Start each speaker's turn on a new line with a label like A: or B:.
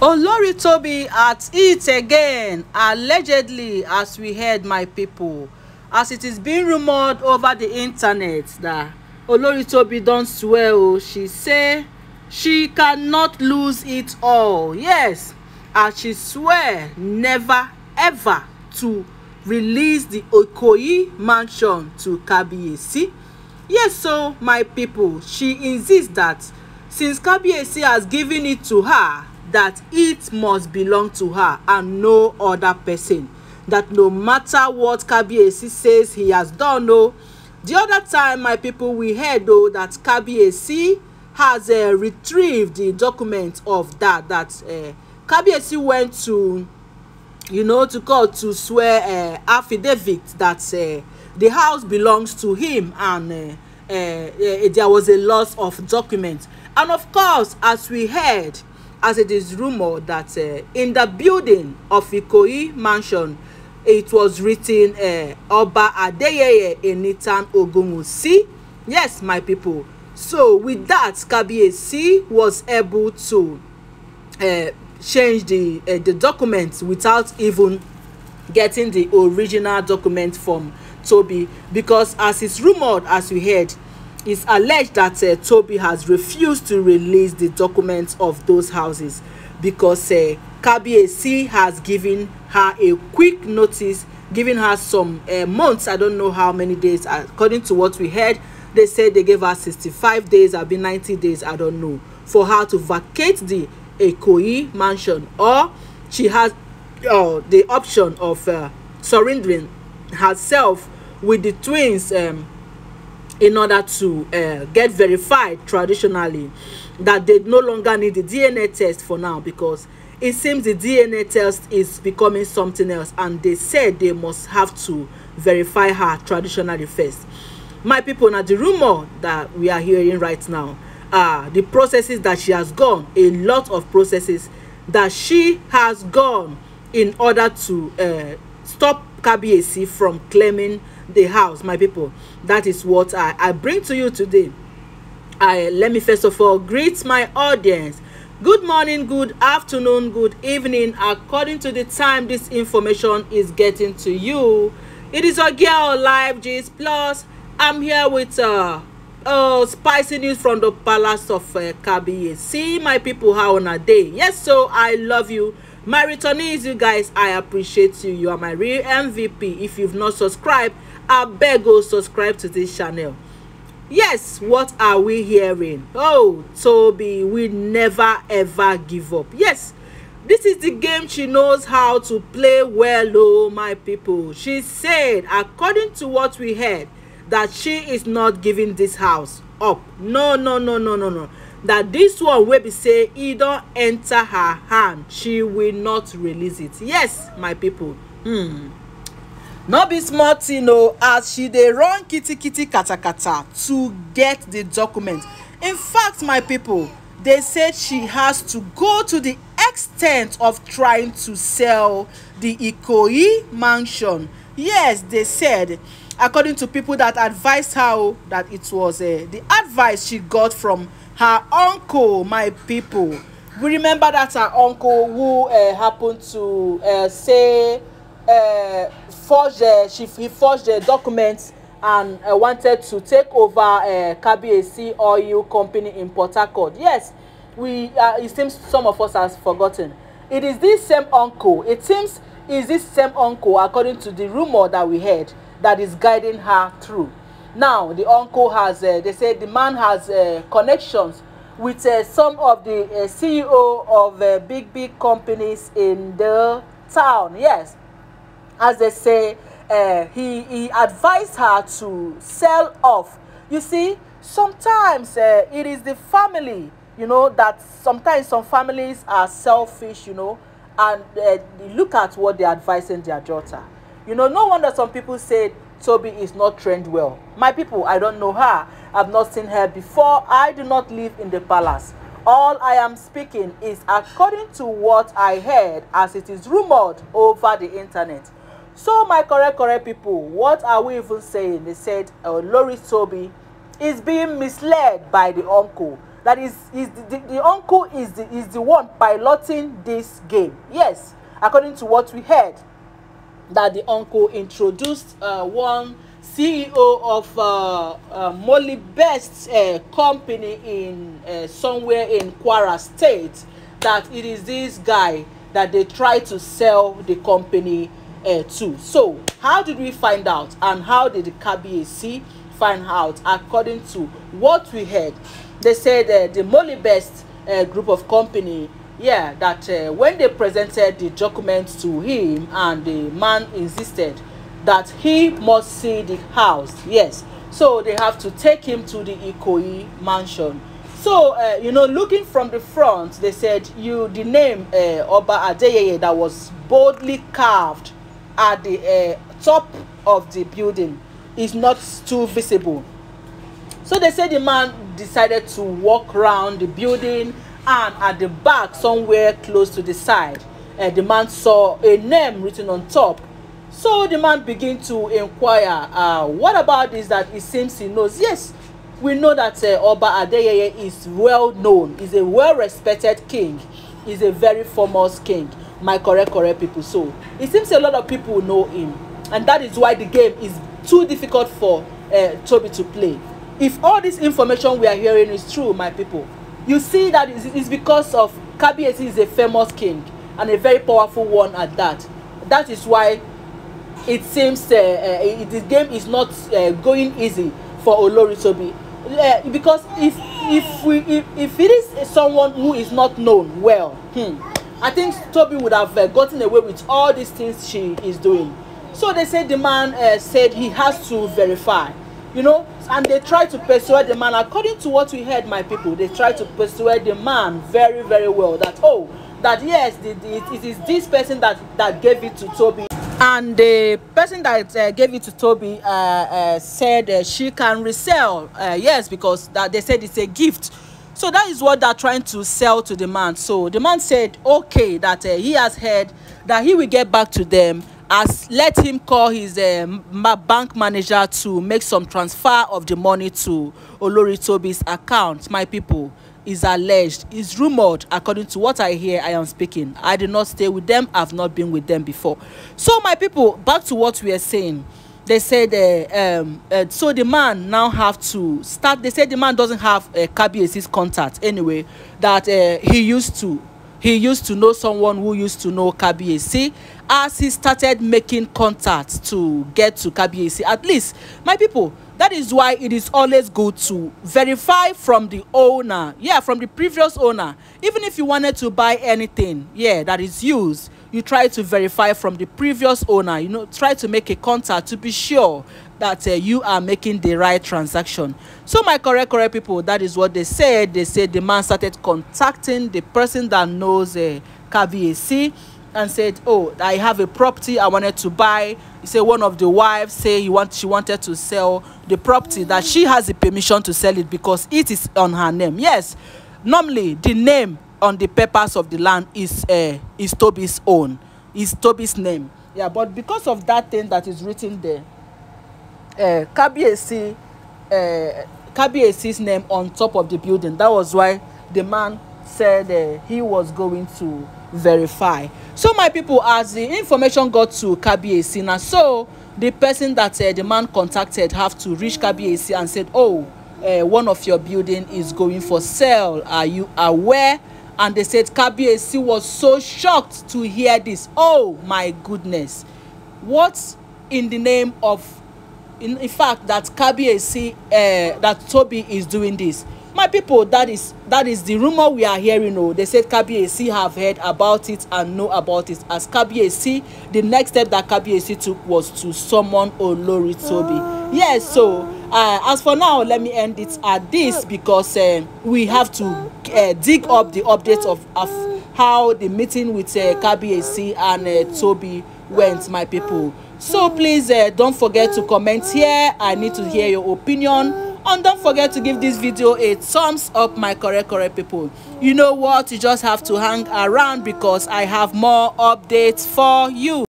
A: olori toby at it again allegedly as we heard my pipo as it is being rumoured over di internet that olori toby don swear oh, she say she cannot lose it all yes as she swear never ever to release di Okoye mansion to kabiyesi yes so my pipo she insist that since kabiyesi has given it to her that it must belong to her and no other person that no matter what kabiyesi says he has done o oh, the other time my people we heard though that kabiyesi has uh, retrieved the document of that that uh, kabiyesi went to you know to court to swear uh, affidavit that uh, the house belongs to him and uh, uh, uh, there was a loss of document and of course as we heard as it is rumoured that uh, in the building of Ikoyi Mansion, it was written uh, Oba Adeyeye Enitan Ogunwusi. Yes, my people. So with that, Kabiyesi was able to uh, change the uh, the document without even getting the original document from Tobi because as it's rumored, as we heard it's alleged that uh, Toby has refused to release the documents of those houses because uh, Kabiyesi has given her a quick notice, giving her some uh, months, I don't know how many days, according to what we heard, they said they gave her 65 days, I've been 90 days, I don't know, for her to vacate the Ikoyi mansion or she has uh, the option of uh, surrendering herself with the twins um, in order to uh, get verified traditionally that they no longer need the DNA test for now because it seems the DNA test is becoming something else and they said they must have to verify her traditionally first. My people, now the rumor that we are hearing right now uh, the processes that she has gone, a lot of processes that she has gone in order to uh, stop KBAc from claiming the house my people that is what i i bring to you today i let me first of all greet my audience good morning good afternoon good evening according to the time this information is getting to you it is your girl live gist plus i'm here with uh oh spicy news from the palace of uh, kabiye see my people how on a day yes so i love you my returnees you guys i appreciate you you are my real mvp if you've not subscribed I beg o subscribe to this channel yes what are we hearing oh Toby we never ever give up yes this is the game she knows how to play well oh my people she said according to what we heard that she is not giving this house up no no no no no no that this one will be say e don enter her hand she will not release it yes my people hmm no be small thing o oh, as she dey run kitikiti katakata to get the document in fact my people, dey say she has to go to the ex ten t of trying to sell the ikoyi mansion yes they said according to people that advised her oh, that it was uh, eh, di advice she got from her uncle my people, we remember that her uncle who uh, eh, happen to uh, say uh, forged uh, she he forged the documents and uh, wanted to take over uh, Kabiyesi Oil Company in Port Harcourt. Yes, we uh, it seems some of us has forgotten. It is this same uncle. It seems is this same uncle, according to the rumor that we heard, that is guiding her through. Now the uncle has uh, they say the man has uh, connections with uh, some of the uh, CEO of uh, big big companies in the town. Yes, as they say, uh, he, he advised her to sell off. You see, sometimes uh, it is the family, you know, that sometimes some families are selfish, you know, and uh, look at what they're advising their daughter. You know, no wonder some people say Toby is not trained well. My people, I don't know her. I've not seen her before. I do not live in the palace. All I am speaking is according to what I heard as it is rumored over the internet. So my correct correct people, what are we even saying? They said uh, Lori Toby is being misled by the uncle. That is, is the, the, the uncle is the is the one piloting this game. Yes, according to what we heard, that the uncle introduced uh, one CEO of uh, uh, Molly Best uh, company in uh, somewhere in Kwara State that it is this guy that they try to sell the company uh, too. So how did we find out and how did the KBAC find out according to what we heard? They said uh, the Molly Best uh, group of company yeah that uh, when they presented the documents to him and the man insisted that he must see the house yes so they have to take him to the Ikoi mansion so uh, you know looking from the front they said you the name uh, Oba Adeyeye that was boldly carved at the uh, top of the building is not too visible so they say the man decided to walk around the building and at the back somewhere close to the side uh, the man saw a name written on top so the man began to inquire uh, what about this that it seems he knows yes we know that uh, Oba Adeyeye is well known, is a well respected king, is a very famous king my correct correct people so it seems a lot of people know him and that is why the game is too difficult for uh, toby to play if all this information we are hearing is true my people you see that it's, it's because of kabiyesi is a famous king and a very powerful one at that that is why it seems uh, uh, the game is not uh, going easy for olori toby uh, because if if we if, if it is someone who is not known well hmm, I think Toby would have uh, gotten away with all these things she is doing. So they said the man uh, said he has to verify, you know, and they tried to persuade the man. According to what we heard, my people, they tried to persuade the man very, very well that, oh, that yes, it, it is this person that, that gave it to Toby. And the person that uh, gave it to Toby uh, uh, said uh, she can resell, uh, yes, because that they said it's a gift So that is what they're trying to sell to the man. So the man said, okay, that uh, he has heard that he will get back to them as let him call his uh, ma bank manager to make some transfer of the money to Olori Tobi's account. My people, is alleged, is rumored, according to what I hear, I am speaking. I did not stay with them, I've not been with them before. So my people, back to what we are saying they said uh, um, uh, so the man now have to start they said the man doesn't have a uh, Kabiesi's contact anyway that uh, he used to he used to know someone who used to know Kabiesi as he started making contact to get to Kabiesi at least my people that is why it is always good to verify from the owner yeah from the previous owner even if you wanted to buy anything yeah that is used you try to verify from the previous owner you know try to make a contact to be sure that uh, you are making the right transaction so my correct correct people that is what they said they said the man started contacting the person that knows uh, kvac and said oh i have a property i wanted to buy he said one of the wives say he want she wanted to sell the property that she has the permission to sell it because it is on her name yes normally the name on the papers of the land is uh, is Toby's own is Toby's name yeah but because of that thing that is written there uh, Kabiyesi uh, Kabiyesi's name on top of the building that was why the man said uh, he was going to verify so my people as the information got to Kabiyesi na so the person that uh, the man contacted have to reach Kabiyesi and said oh uh, one of your building is going for sale are you aware and they said Kabiyesi was so shocked to hear this oh my goodness what in the name of in, in fact that Kabiyesi uh, that Toby is doing this my people that is that is the rumor we are hearing oh they said Kabiyesi have heard about it and know about it as Kabiyesi the next step that Kabiyesi took was to summon Olori Toby oh. yes so uh, as for now let me end it at this because uh, we have to uh, dig up the updates of, of how the meeting with uh, KBAC and uh, Toby went, my people. So please uh, don't forget to comment here. I need to hear your opinion. And don't forget to give this video a thumbs up, my correct, correct people. You know what? You just have to hang around because I have more updates for you.